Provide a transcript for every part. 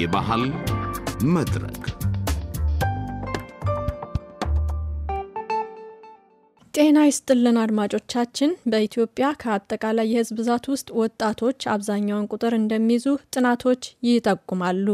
የባህል መድረክ ጤና ይስጥልን አድማጮቻችን። በኢትዮጵያ ከአጠቃላይ የሕዝብ ብዛት ውስጥ ወጣቶች አብዛኛውን ቁጥር እንደሚይዙ ጥናቶች ይጠቁማሉ።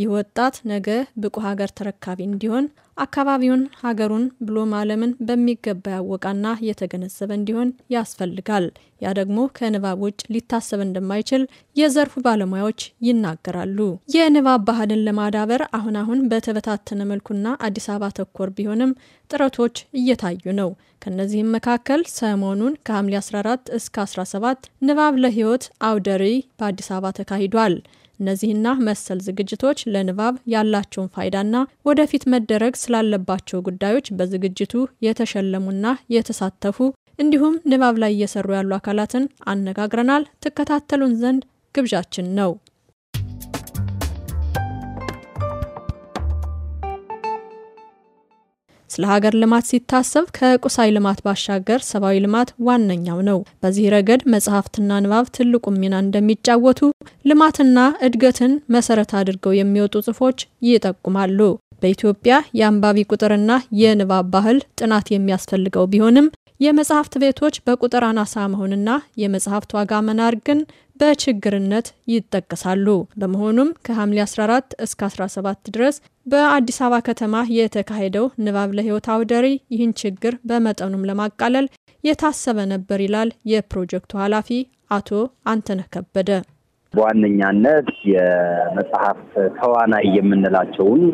ይህ ወጣት ነገ ብቁ ሀገር ተረካቢ እንዲሆን አካባቢውን፣ ሀገሩን ብሎም ዓለምን በሚገባ ያወቃና የተገነዘበ እንዲሆን ያስፈልጋል። ያ ደግሞ ከንባብ ውጭ ሊታሰብ እንደማይችል የዘርፉ ባለሙያዎች ይናገራሉ። የንባብ ባህልን ለማዳበር አሁን አሁን በተበታተነ መልኩና አዲስ አበባ ተኮር ቢሆንም ጥረቶች እየታዩ ነው። ከእነዚህም መካከል ሰሞኑን ከሐምሌ 14 እስከ 17 ንባብ ለህይወት አውደሪ በአዲስ አበባ ተካሂዷል። እነዚህና መሰል ዝግጅቶች ለንባብ ያላቸውን ፋይዳና ወደፊት መደረግ ስላለባቸው ጉዳዮች በዝግጅቱ የተሸለሙና የተሳተፉ እንዲሁም ንባብ ላይ እየሰሩ ያሉ አካላትን አነጋግረናል። ትከታተሉን ዘንድ ግብዣችን ነው። ስለ ሀገር ልማት ሲታሰብ ከቁሳዊ ልማት ባሻገር ሰብአዊ ልማት ዋነኛው ነው። በዚህ ረገድ መጽሐፍትና ንባብ ትልቁን ሚና እንደሚጫወቱ ልማትና እድገትን መሰረት አድርገው የሚወጡ ጽሁፎች ይጠቁማሉ። በኢትዮጵያ የአንባቢ ቁጥርና የንባብ ባህል ጥናት የሚያስፈልገው ቢሆንም የመጽሐፍት ቤቶች በቁጥር አናሳ መሆንና የመጽሐፍት ዋጋ መናር ግን በችግርነት ይጠቀሳሉ። በመሆኑም ከሐምሌ 14 እስከ 17 ድረስ በአዲስ አበባ ከተማ የተካሄደው ንባብ ለህይወት አውደሪ ይህን ችግር በመጠኑም ለማቃለል የታሰበ ነበር ይላል የፕሮጀክቱ ኃላፊ አቶ አንተነህ ከበደ። በዋነኛነት የመጽሐፍ ተዋናይ የምንላቸውን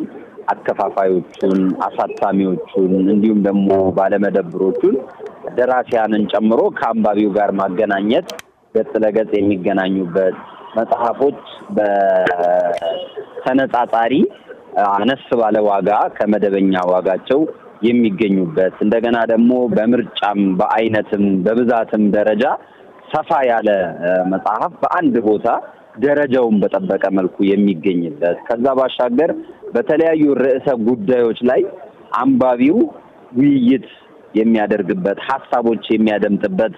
አከፋፋዮቹን፣ አሳታሚዎቹን እንዲሁም ደግሞ ባለመደብሮቹን ደራሲያንን ጨምሮ ከአንባቢው ጋር ማገናኘት ገጽ ለገጽ የሚገናኙበት መጽሐፎች በተነጻጻሪ አነስ ባለ ዋጋ ከመደበኛ ዋጋቸው የሚገኙበት እንደገና ደግሞ በምርጫም በአይነትም በብዛትም ደረጃ ሰፋ ያለ መጽሐፍ በአንድ ቦታ ደረጃውን በጠበቀ መልኩ የሚገኝበት ከዛ ባሻገር በተለያዩ ርዕሰ ጉዳዮች ላይ አንባቢው ውይይት የሚያደርግበት ሀሳቦች የሚያደምጥበት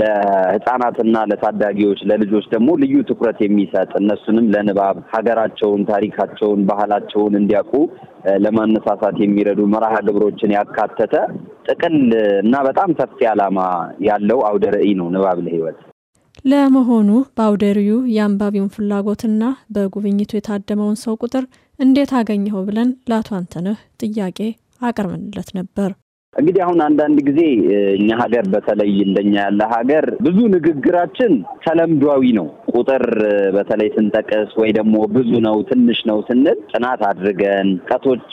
ለህፃናትና ለታዳጊዎች ለልጆች ደግሞ ልዩ ትኩረት የሚሰጥ እነሱንም ለንባብ ሀገራቸውን፣ ታሪካቸውን፣ ባህላቸውን እንዲያውቁ ለማነሳሳት የሚረዱ መርሃ ግብሮችን ያካተተ ጥቅል እና በጣም ሰፊ ዓላማ ያለው አውደ ርዕይ ነው ንባብ ለህይወት። ለመሆኑ በአውደሪዩ የአንባቢውን ፍላጎትና በጉብኝቱ የታደመውን ሰው ቁጥር እንዴት አገኘኸው ብለን ለአቶ አንተነህ ጥያቄ አቅርብንለት ነበር። እንግዲህ አሁን አንዳንድ ጊዜ እኛ ሀገር በተለይ እንደኛ ያለ ሀገር ብዙ ንግግራችን ተለምዷዊ ነው። ቁጥር በተለይ ስንጠቅስ ወይ ደግሞ ብዙ ነው ትንሽ ነው ስንል ጥናት አድርገን ቀቶች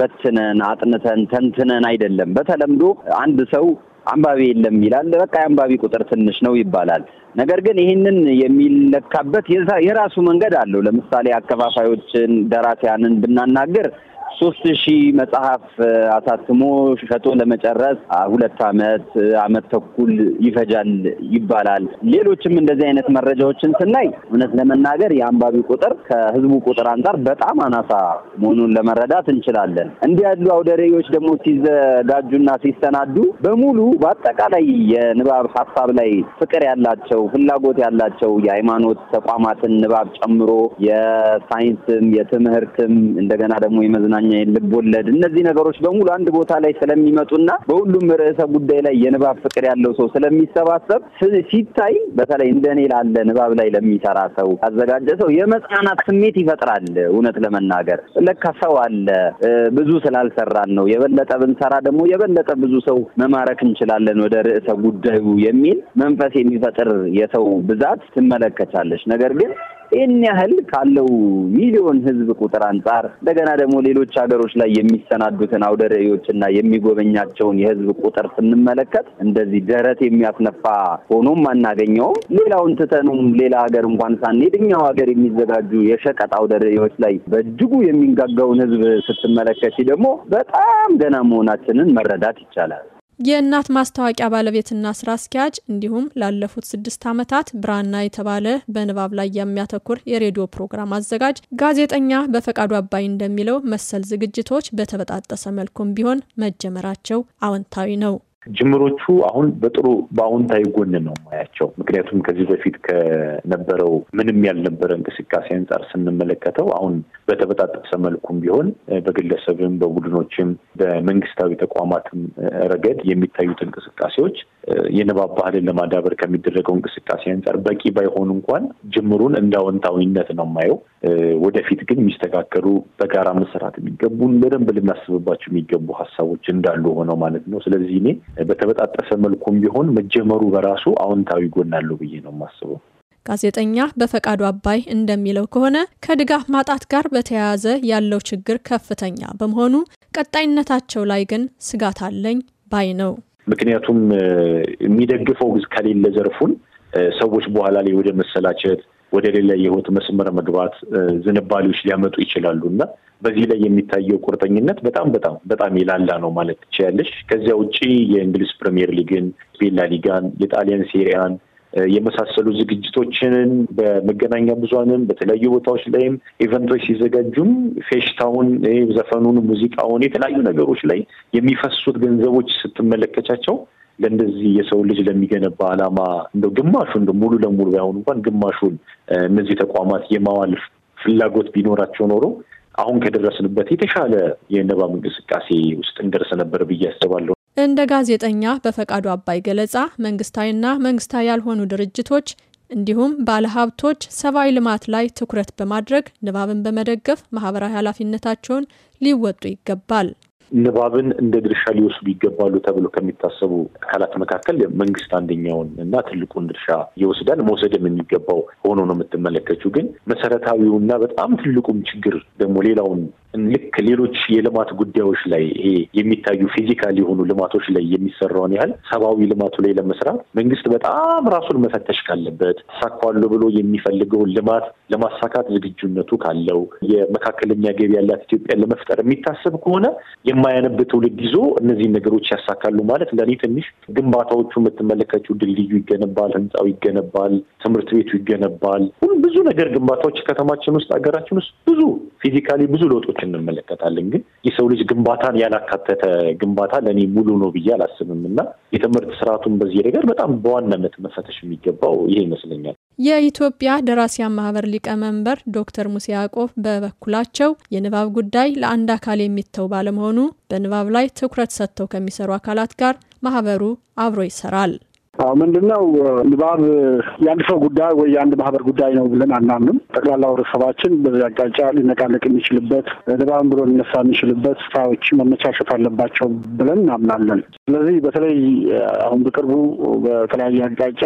በትነን አጥንተን ተንትነን አይደለም። በተለምዶ አንድ ሰው አንባቢ የለም ይላል። በቃ የአንባቢ ቁጥር ትንሽ ነው ይባላል። ነገር ግን ይህንን የሚለካበት የራሱ መንገድ አለው። ለምሳሌ አከፋፋዮችን፣ ደራሲያንን ብናናግር ሶስት ሺህ መጽሐፍ አሳትሞ ሸጦ ለመጨረስ ሁለት አመት አመት ተኩል ይፈጃል ይባላል። ሌሎችም እንደዚህ አይነት መረጃዎችን ስናይ እውነት ለመናገር የአንባቢ ቁጥር ከህዝቡ ቁጥር አንጻር በጣም አናሳ መሆኑን ለመረዳት እንችላለን። እንዲህ ያሉ አውደሬዎች ደግሞ ሲዘጋጁና ሲሰናዱ በሙሉ በአጠቃላይ የንባብ ሀሳብ ላይ ፍቅር ያላቸው ፍላጎት ያላቸው የሃይማኖት ተቋማትን ንባብ ጨምሮ የሳይንስም የትምህርትም እንደገና ደግሞ የመዝናኛ ልብ ወለድ፣ እነዚህ ነገሮች በሙሉ አንድ ቦታ ላይ ስለሚመጡና በሁሉም ርዕሰ ጉዳይ ላይ የንባብ ፍቅር ያለው ሰው ስለሚሰባሰብ ሲታይ በተለይ እንደኔ ላለ ንባብ ላይ ለሚሰራ ሰው ያዘጋጀ ሰው የመጽናናት ስሜት ይፈጥራል። እውነት ለመናገር ለካ ሰው አለ ብዙ ስላልሰራን ነው፣ የበለጠ ብንሰራ ደግሞ የበለጠ ብዙ ሰው መማረክ እንችላለን ወደ ርዕሰ ጉዳዩ የሚል መንፈስ የሚፈጥር የሰው ብዛት ትመለከቻለች። ነገር ግን ይህን ያህል ካለው ሚሊዮን ህዝብ ቁጥር አንጻር እንደገና ደግሞ ሌሎች ሀገሮች ላይ የሚሰናዱትን አውደ ርዕዮችና የሚጎበኛቸውን የህዝብ ቁጥር ስንመለከት እንደዚህ ደረት የሚያስነፋ ሆኖም አናገኘውም። ሌላውን ትተኑም ሌላ ሀገር እንኳን ሳንሄድ እኛው ሀገር የሚዘጋጁ የሸቀጥ አውደ ርዕዮች ላይ በእጅጉ የሚንጋጋውን ህዝብ ስትመለከት ደግሞ በጣም ገና መሆናችንን መረዳት ይቻላል። የእናት ማስታወቂያ ባለቤትና ስራ አስኪያጅ እንዲሁም ላለፉት ስድስት ዓመታት ብራና የተባለ በንባብ ላይ የሚያተኩር የሬዲዮ ፕሮግራም አዘጋጅ ጋዜጠኛ በፈቃዱ አባይ እንደሚለው መሰል ዝግጅቶች በተበጣጠሰ መልኩም ቢሆን መጀመራቸው አዎንታዊ ነው። ጅምሮቹ አሁን በጥሩ በአዎንታዊ ጎን ነው ማያቸው። ምክንያቱም ከዚህ በፊት ከነበረው ምንም ያልነበረ እንቅስቃሴ አንጻር ስንመለከተው አሁን በተበጣጠሰ መልኩም ቢሆን በግለሰብም፣ በቡድኖችም፣ በመንግስታዊ ተቋማትም ረገድ የሚታዩት እንቅስቃሴዎች የንባብ ባህልን ለማዳበር ከሚደረገው እንቅስቃሴ አንጻር በቂ ባይሆኑ እንኳን ጅምሩን እንደ አዎንታዊነት ነው የማየው። ወደፊት ግን የሚስተካከሉ በጋራ መሰራት የሚገቡን በደንብ ልናስብባቸው የሚገቡ ሀሳቦች እንዳሉ ሆነው ማለት ነው። ስለዚህ እኔ በተበጣጠሰ መልኩም ቢሆን መጀመሩ በራሱ አዎንታዊ ጎን አለው ብዬ ነው የማስበው። ጋዜጠኛ በፈቃዱ አባይ እንደሚለው ከሆነ ከድጋፍ ማጣት ጋር በተያያዘ ያለው ችግር ከፍተኛ በመሆኑ ቀጣይነታቸው ላይ ግን ስጋት አለኝ ባይ ነው። ምክንያቱም የሚደግፈው ከሌለ ዘርፉን ሰዎች በኋላ ላይ ወደ መሰላቸት ወደ ሌላ የህይወት መስመር መግባት ዝንባሌዎች ሊያመጡ ይችላሉ እና በዚህ ላይ የሚታየው ቁርጠኝነት በጣም በጣም በጣም የላላ ነው ማለት ትችያለሽ። ከዚያ ውጭ የእንግሊዝ ፕሪሚየር ሊግን፣ ስፔን ላሊጋን፣ የጣሊያን ሴሪያን የመሳሰሉ ዝግጅቶችንን በመገናኛ ብዙሃንም በተለያዩ ቦታዎች ላይም ኢቨንቶች ሲዘጋጁም ፌሽታውን፣ ዘፈኑን፣ ሙዚቃውን የተለያዩ ነገሮች ላይ የሚፈሱት ገንዘቦች ስትመለከቻቸው ለእንደዚህ የሰው ልጅ ለሚገነባ ዓላማ እንደ ግማሹ እንደ ሙሉ ለሙሉ ባይሆን እንኳን ግማሹን እነዚህ ተቋማት የማዋል ፍላጎት ቢኖራቸው ኖሮ አሁን ከደረስንበት የተሻለ የንባብ እንቅስቃሴ ውስጥ እንደርስ ነበር ብዬ አስባለሁ። እንደ ጋዜጠኛ በፈቃዱ አባይ ገለጻ መንግስታዊና መንግስታዊ ያልሆኑ ድርጅቶች እንዲሁም ባለሀብቶች ሰብአዊ ልማት ላይ ትኩረት በማድረግ ንባብን በመደገፍ ማህበራዊ ኃላፊነታቸውን ሊወጡ ይገባል። ንባብን እንደ ድርሻ ሊወስዱ ይገባሉ ተብሎ ከሚታሰቡ አካላት መካከል መንግስት አንደኛውን እና ትልቁን ድርሻ ይወስዳል። መውሰድም የሚገባው ሆኖ ነው የምትመለከችው። ግን መሰረታዊውና በጣም ትልቁም ችግር ደግሞ ሌላውን ልክ ሌሎች የልማት ጉዳዮች ላይ ይሄ የሚታዩ ፊዚካል የሆኑ ልማቶች ላይ የሚሰራውን ያህል ሰብአዊ ልማቱ ላይ ለመስራት መንግስት በጣም ራሱን መፈተሽ ካለበት ሳኳሉ ብሎ የሚፈልገውን ልማት ለማሳካት ዝግጁነቱ ካለው የመካከለኛ ገቢ ያላት ኢትዮጵያ ለመፍጠር የሚታሰብ ከሆነ የማያነብ ትውልድ ይዞ እነዚህን ነገሮች ያሳካሉ ማለት ለእኔ ትንሽ ግንባታዎቹ የምትመለከችው ድልድዩ ይገነባል፣ ህንፃው ይገነባል፣ ትምህርት ቤቱ ይገነባል። ሁሉ ብዙ ነገር ግንባታዎች ከተማችን ውስጥ ሀገራችን ውስጥ ብዙ ፊዚካሊ ብዙ ለውጦች እንመለከታለን። ግን የሰው ልጅ ግንባታን ያላካተተ ግንባታ ለእኔ ሙሉ ነው ብዬ አላስብም እና የትምህርት ስርዓቱን በዚህ ነገር በጣም በዋናነት መፈተሽ የሚገባው ይሄ ይመስለኛል። የኢትዮጵያ ደራሲያን ማህበር ሊቀመንበር ዶክተር ሙሴ ያዕቆብ በበኩላቸው የንባብ ጉዳይ ለአንድ አካል የሚተው ባለመሆኑ በንባብ ላይ ትኩረት ሰጥተው ከሚሰሩ አካላት ጋር ማህበሩ አብሮ ይሰራል። ምንድነው ንባብ የአንድ ሰው ጉዳይ ወይ የአንድ ማህበር ጉዳይ ነው ብለን አናምንም። ጠቅላላ ህብረተሰባችን በዚህ አቅጣጫ ሊነቃነቅ የሚችልበት ንባብን ብሎ ሊነሳ የሚችልበት ስራዎች መመቻቸት አለባቸው ብለን እናምናለን። ስለዚህ በተለይ አሁን በቅርቡ በተለያየ አቅጣጫ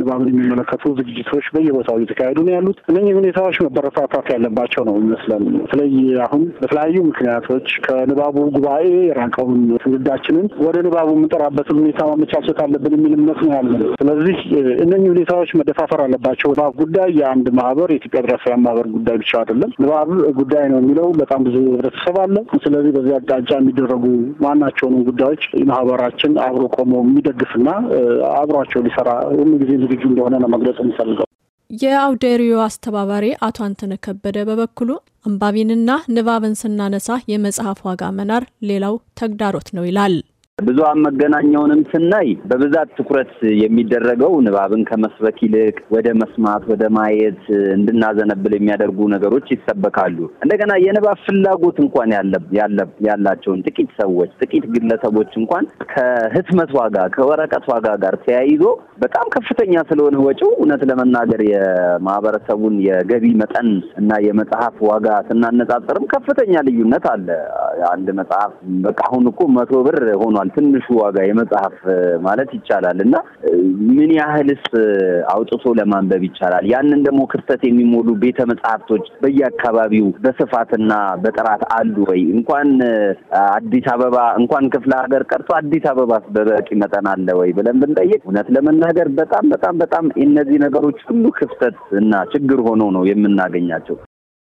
ንባብን የሚመለከቱ ዝግጅቶች በየቦታው እየተካሄዱ ነው ያሉት። እነዚህ ሁኔታዎች መበረታታት ያለባቸው ነው ይመስለን። በተለይ አሁን በተለያዩ ምክንያቶች ከንባቡ ጉባኤ የራቀውን ትውልዳችንን ወደ ንባቡ የምንጠራበትን ሁኔታ ማመቻቸት አለብን የሚል እምነት ነው ያለው። ስለዚህ እነኚህ ሁኔታዎች መደፋፈር አለባቸው። ንባብ ጉዳይ የአንድ ማህበር የኢትዮጵያ ደራሲያን ማህበር ጉዳይ ብቻ አይደለም። ንባብ ጉዳይ ነው የሚለው በጣም ብዙ ህብረተሰብ አለ። ስለዚህ በዚህ አቅጣጫ የሚደረጉ ማናቸውንም ጉዳዮች ማህበራችን አብሮ ቆሞ የሚደግፍና አብሯቸው ሊሰራ ሁሉ ጊዜ ዝግጁ እንደሆነ ለመግለጽ የሚፈልገው የአውደሪዮ አስተባባሪ አቶ አንተነ ከበደ በበኩሉ አንባቢንና ንባብን ስናነሳ የመጽሐፍ ዋጋ መናር ሌላው ተግዳሮት ነው ይላል። ብዙሃን መገናኛውንም ስናይ በብዛት ትኩረት የሚደረገው ንባብን ከመስበክ ይልቅ ወደ መስማት፣ ወደ ማየት እንድናዘነብል የሚያደርጉ ነገሮች ይሰበካሉ። እንደገና የንባብ ፍላጎት እንኳን ያላቸውን ጥቂት ሰዎች፣ ጥቂት ግለሰቦች እንኳን ከህትመት ዋጋ፣ ከወረቀት ዋጋ ጋር ተያይዞ በጣም ከፍተኛ ስለሆነ ወጪው እውነት ለመናገር የማህበረሰቡን የገቢ መጠን እና የመጽሐፍ ዋጋ ስናነጻጽርም ከፍተኛ ልዩነት አለ። አንድ መጽሐፍ በቃ አሁን እኮ መቶ ብር ሆኗል ሆኗል ትንሹ ዋጋ የመጽሐፍ ማለት ይቻላል እና ምን ያህልስ አውጥቶ ለማንበብ ይቻላል? ያንን ደግሞ ክፍተት የሚሞሉ ቤተ መጽሐፍቶች በየአካባቢው በስፋትና በጥራት አሉ ወይ? እንኳን አዲስ አበባ እንኳን ክፍለ ሀገር ቀርቶ አዲስ አበባ በበቂ መጠን አለ ወይ ብለን ብንጠይቅ እውነት ለመናገር በጣም በጣም በጣም እነዚህ ነገሮች ሁሉ ክፍተት እና ችግር ሆኖ ነው የምናገኛቸው።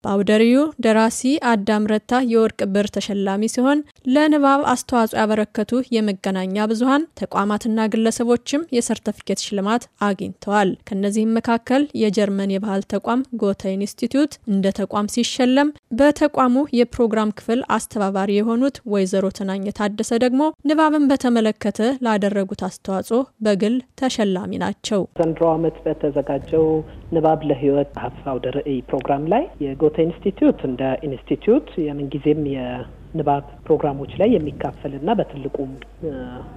በአውደሪዩ ደራሲ አዳም ረታ የወርቅ ብር ተሸላሚ ሲሆን ለንባብ አስተዋጽኦ ያበረከቱ የመገናኛ ብዙሀን ተቋማትና ግለሰቦችም የሰርተፊኬት ሽልማት አግኝተዋል። ከእነዚህም መካከል የጀርመን የባህል ተቋም ጎተ ኢንስቲትዩት እንደ ተቋም ሲሸለም፣ በተቋሙ የፕሮግራም ክፍል አስተባባሪ የሆኑት ወይዘሮ ትናኝ ታደሰ ደግሞ ንባብን በተመለከተ ላደረጉት አስተዋጽኦ በግል ተሸላሚ ናቸው። ዘንድሮ ዓመት በተዘጋጀው ንባብ ለህይወት አውደ ርዕይ ፕሮግራም ላይ የጎ ፍኖተ ኢንስቲትዩት እንደ ኢንስቲትዩት የምንጊዜም የንባብ ፕሮግራሞች ላይ የሚካፈልና በትልቁም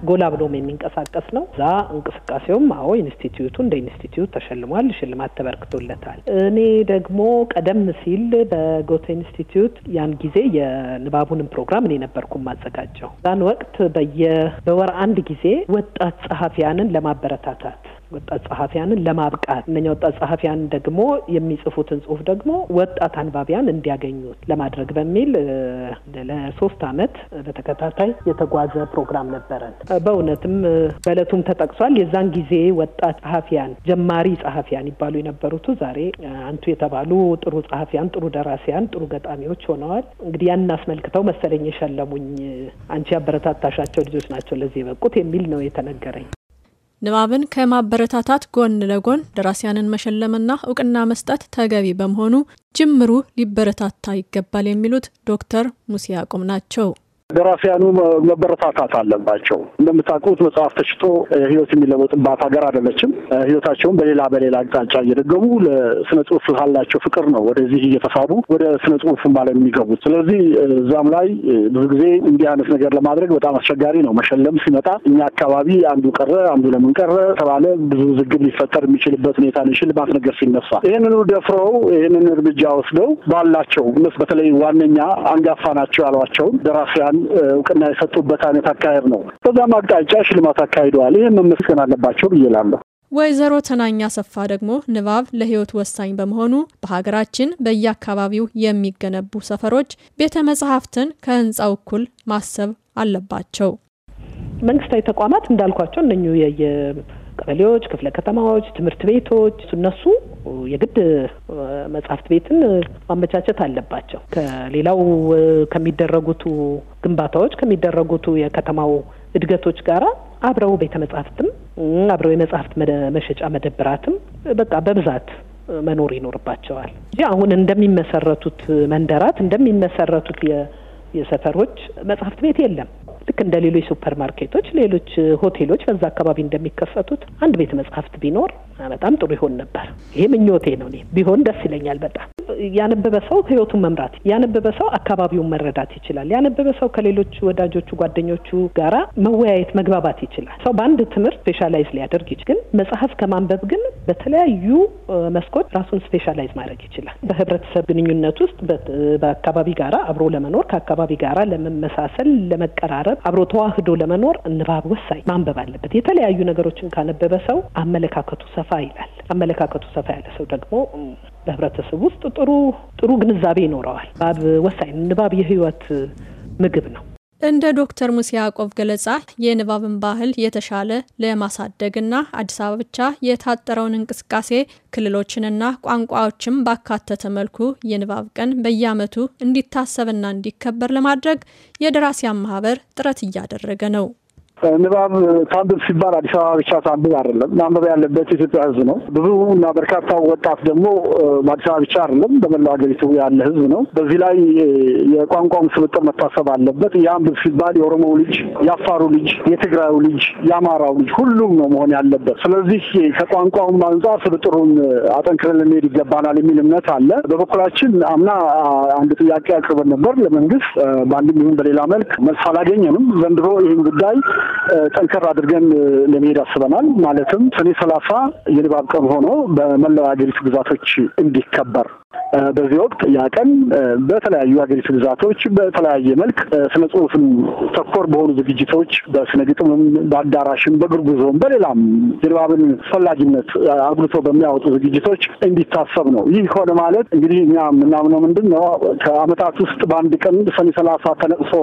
ጎላ ብሎም የሚንቀሳቀስ ነው። እዛ እንቅስቃሴውም አዎ ኢንስቲትዩቱ እንደ ኢንስቲትዩት ተሸልሟል፣ ሽልማት ተበርክቶለታል። እኔ ደግሞ ቀደም ሲል በጎተ ኢንስቲትዩት ያን ጊዜ የንባቡንም ፕሮግራም እኔ ነበርኩም ማዘጋጀው። ዛን ወቅት በየ በወር አንድ ጊዜ ወጣት ጸሐፊያንን ለማበረታታት ወጣት ጸሐፊያንን ለማብቃት እነኛ ወጣት ጸሐፊያን ደግሞ የሚጽፉትን ጽሁፍ ደግሞ ወጣት አንባቢያን እንዲያገኙት ለማድረግ በሚል ለሶስት አመት በተከታታይ የተጓዘ ፕሮግራም ነበረን። በእውነትም በእለቱም ተጠቅሷል። የዛን ጊዜ ወጣት ጸሐፊያን፣ ጀማሪ ጸሐፊያን ይባሉ የነበሩቱ ዛሬ አንቱ የተባሉ ጥሩ ጸሐፊያን፣ ጥሩ ደራሲያን፣ ጥሩ ገጣሚዎች ሆነዋል። እንግዲህ ያን አስመልክተው መሰለኝ የሸለሙኝ አንቺ ያበረታታሻቸው ልጆች ናቸው ለዚህ የበቁት የሚል ነው የተነገረኝ። ንባብን ከማበረታታት ጎን ለጎን ደራሲያንን መሸለምና እውቅና መስጠት ተገቢ በመሆኑ ጅምሩ ሊበረታታ ይገባል የሚሉት ዶክተር ሙሴ ያዕቆብ ናቸው። ደራሲያኑ መበረታታት አለባቸው። እንደምታውቁት መጽሐፍ ተሽጦ ህይወት የሚለወጥባት ሀገር አይደለችም። ህይወታቸውን በሌላ በሌላ አቅጣጫ እየደገሙ ለስነ ጽሁፍ ካላቸው ፍቅር ነው ወደዚህ እየተሳቡ ወደ ስነ ጽሁፍ ማለት የሚገቡት። ስለዚህ እዛም ላይ ብዙ ጊዜ እንዲህ አይነት ነገር ለማድረግ በጣም አስቸጋሪ ነው። መሸለም ሲመጣ እኛ አካባቢ አንዱ ቀረ፣ አንዱ ለምን ቀረ ተባለ፣ ብዙ ዝግብ ሊፈጠር የሚችልበት ሁኔታ ሽልማት ነገር ሲነሳ ይህንኑ ደፍረው ይህንን እርምጃ ወስደው ባላቸው በተለይ ዋነኛ አንጋፋ ናቸው ያሏቸውን ደራሲያን እውቅና የሰጡበት አይነት አካሄድ ነው። በዛም አቅጣጫ ሽልማት አካሂደዋል። ይህ መመስገን አለባቸው ብዬ እላለሁ። ወይዘሮ ተናኛ ሰፋ ደግሞ ንባብ ለሕይወት ወሳኝ በመሆኑ በሀገራችን በየአካባቢው የሚገነቡ ሰፈሮች ቤተ መጻሕፍትን ከህንፃው እኩል ማሰብ አለባቸው። መንግስታዊ ተቋማት እንዳልኳቸው እነ የቀበሌዎች፣ ክፍለ ከተማዎች፣ ትምህርት ቤቶች እነሱ የግድ መጽሐፍት ቤትን ማመቻቸት አለባቸው። ከሌላው ከሚደረጉቱ ግንባታዎች ከሚደረጉቱ የከተማው እድገቶች ጋራ አብረው ቤተ መጽሐፍትም አብረው የመጽሐፍት መሸጫ መደብራትም በቃ በብዛት መኖር ይኖርባቸዋል እ አሁን እንደሚመሰረቱት መንደራት እንደሚመሰረቱት የሰፈሮች መጽሐፍት ቤት የለም። እንደ ሌሎች ሱፐር ማርኬቶች፣ ሌሎች ሆቴሎች በዛ አካባቢ እንደሚከፈቱት አንድ ቤተ መጽሐፍት ቢኖር በጣም ጥሩ ይሆን ነበር። ይሄ ምኞቴ ነው። እኔ ቢሆን ደስ ይለኛል በጣም ያነበበ ሰው ህይወቱን መምራት፣ ያነበበ ሰው አካባቢውን መረዳት ይችላል። ያነበበ ሰው ከሌሎች ወዳጆቹ፣ ጓደኞቹ ጋራ መወያየት፣ መግባባት ይችላል። ሰው በአንድ ትምህርት ስፔሻላይዝ ሊያደርግ ይችል፣ ግን መጽሐፍ ከማንበብ ግን በተለያዩ መስኮች ራሱን ስፔሻላይዝ ማድረግ ይችላል። በህብረተሰብ ግንኙነት ውስጥ በአካባቢ ጋራ አብሮ ለመኖር ከአካባቢ ጋራ ለመመሳሰል፣ ለመቀራረብ አብሮ ተዋህዶ ለመኖር ንባብ ወሳኝ፣ ማንበብ አለበት። የተለያዩ ነገሮችን ካነበበ ሰው አመለካከቱ ሰፋ ይላል። አመለካከቱ ሰፋ ያለ ሰው ደግሞ በህብረተሰብ ውስጥ ጥሩ ጥሩ ግንዛቤ ይኖረዋል። ንባብ ወሳኝ፣ ንባብ የህይወት ምግብ ነው። እንደ ዶክተር ሙሴ ያዕቆብ ገለጻ የንባብን ባህል የተሻለ ለማሳደግና አዲስ አበባ ብቻ የታጠረውን እንቅስቃሴ ክልሎችንና ቋንቋዎችን ባካተተ መልኩ የንባብ ቀን በየዓመቱ እንዲታሰብና እንዲከበር ለማድረግ የደራሲያን ማህበር ጥረት እያደረገ ነው። ንባብ ታንብብ ሲባል አዲስ አበባ ብቻ ታንብብ አይደለም። ማንበብ ያለበት የኢትዮጵያ ሕዝብ ነው። ብዙ እና በርካታ ወጣት ደግሞ በአዲስ አበባ ብቻ አይደለም፣ በመላው ሀገሪቱ ያለ ሕዝብ ነው። በዚህ ላይ የቋንቋም ስብጥር መታሰብ አለበት። የአንብብ ሲባል የኦሮሞው ልጅ፣ የአፋሩ ልጅ፣ የትግራዩ ልጅ፣ የአማራው ልጅ ሁሉም ነው መሆን ያለበት። ስለዚህ ከቋንቋውም አንጻር ስብጥሩን አጠንክረን ልንሄድ ይገባናል የሚል እምነት አለ። በበኩላችን አምና አንድ ጥያቄ አቅርበን ነበር ለመንግስት። በአንድም ይሁን በሌላ መልክ መልስ አላገኘንም። ዘንድሮ ይህን ጉዳይ ጠንከር አድርገን ለመሄድ አስበናል። ማለትም ሰኔ ሰላሳ የንባብ ቀን ሆኖ በመላው አገሪቱ ግዛቶች እንዲከበር በዚህ ወቅት ያ ቀን በተለያዩ የሀገሪቱ ግዛቶች በተለያየ መልክ ስነ ጽሁፍን ተኮር በሆኑ ዝግጅቶች በስነ ግጥምም፣ በአዳራሽም፣ በእግር ጉዞም፣ በሌላም የንባብን ፈላጊነት አጉልቶ በሚያወጡ ዝግጅቶች እንዲታሰብ ነው። ይህ ሆነ ማለት እንግዲህ እኛ የምናምነው ምንድን ነው ከአመታት ውስጥ በአንድ ቀን ሰኔ ሰላሳ ተነቅሶ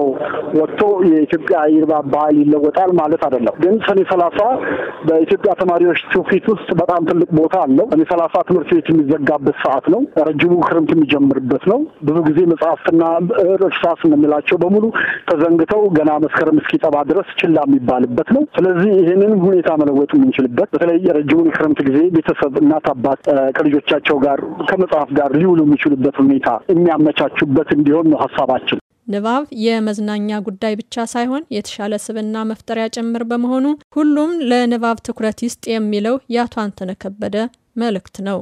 ወጥቶ የኢትዮጵያ የንባብ ባህል ይለወጣል ማለት አይደለም። ግን ሰኔ ሰላሳ በኢትዮጵያ ተማሪዎች ትውፊት ውስጥ በጣም ትልቅ ቦታ አለው። ሰኔ ሰላሳ ትምህርት ቤት የሚዘጋበት ሰዓት ነው። ረጅሙ ክረምት የሚጀምርበት ነው። ብዙ ጊዜ መጽሐፍትና እርሳስ የምንላቸው በሙሉ ተዘንግተው ገና መስከረም እስኪጠባ ድረስ ችላ የሚባልበት ነው። ስለዚህ ይህንን ሁኔታ መለወጥ የምንችልበት በተለይ የረጅሙን ክረምት ጊዜ ቤተሰብ እናት አባት ከልጆቻቸው ጋር ከመጽሐፍ ጋር ሊውሉ የሚችሉበት ሁኔታ የሚያመቻቹበት እንዲሆን ነው ሀሳባችን። ንባብ የመዝናኛ ጉዳይ ብቻ ሳይሆን የተሻለ ስብና መፍጠሪያ ጭምር በመሆኑ ሁሉም ለንባብ ትኩረት ይስጥ የሚለው የአቶ አንተነህ ከበደ መልእክት ነው።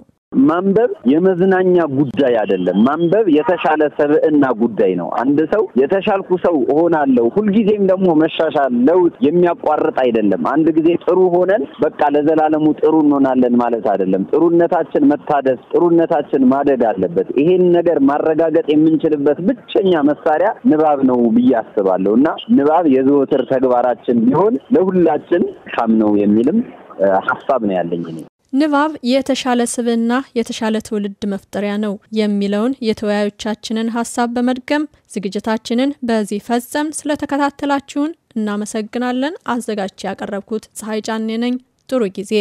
ማንበብ የመዝናኛ ጉዳይ አይደለም። ማንበብ የተሻለ ሰብዕና ጉዳይ ነው። አንድ ሰው የተሻልኩ ሰው እሆናለሁ ሁልጊዜም ደግሞ መሻሻል፣ ለውጥ የሚያቋርጥ አይደለም። አንድ ጊዜ ጥሩ ሆነን በቃ ለዘላለሙ ጥሩ እንሆናለን ማለት አይደለም። ጥሩነታችን መታደስ፣ ጥሩነታችን ማደግ አለበት። ይሄን ነገር ማረጋገጥ የምንችልበት ብቸኛ መሳሪያ ንባብ ነው ብዬ አስባለሁ እና ንባብ የዘወትር ተግባራችን ቢሆን ለሁላችን ካም ነው የሚልም ሀሳብ ነው ያለኝ። ንባብ የተሻለ ስብዕና የተሻለ ትውልድ መፍጠሪያ ነው የሚለውን የተወያዮቻችንን ሀሳብ በመድገም ዝግጅታችንን በዚህ ፈጸም። ስለተከታተላችሁን እናመሰግናለን። አዘጋጅ ያቀረብኩት ፀሐይ ጫኔ ነኝ። ጥሩ ጊዜ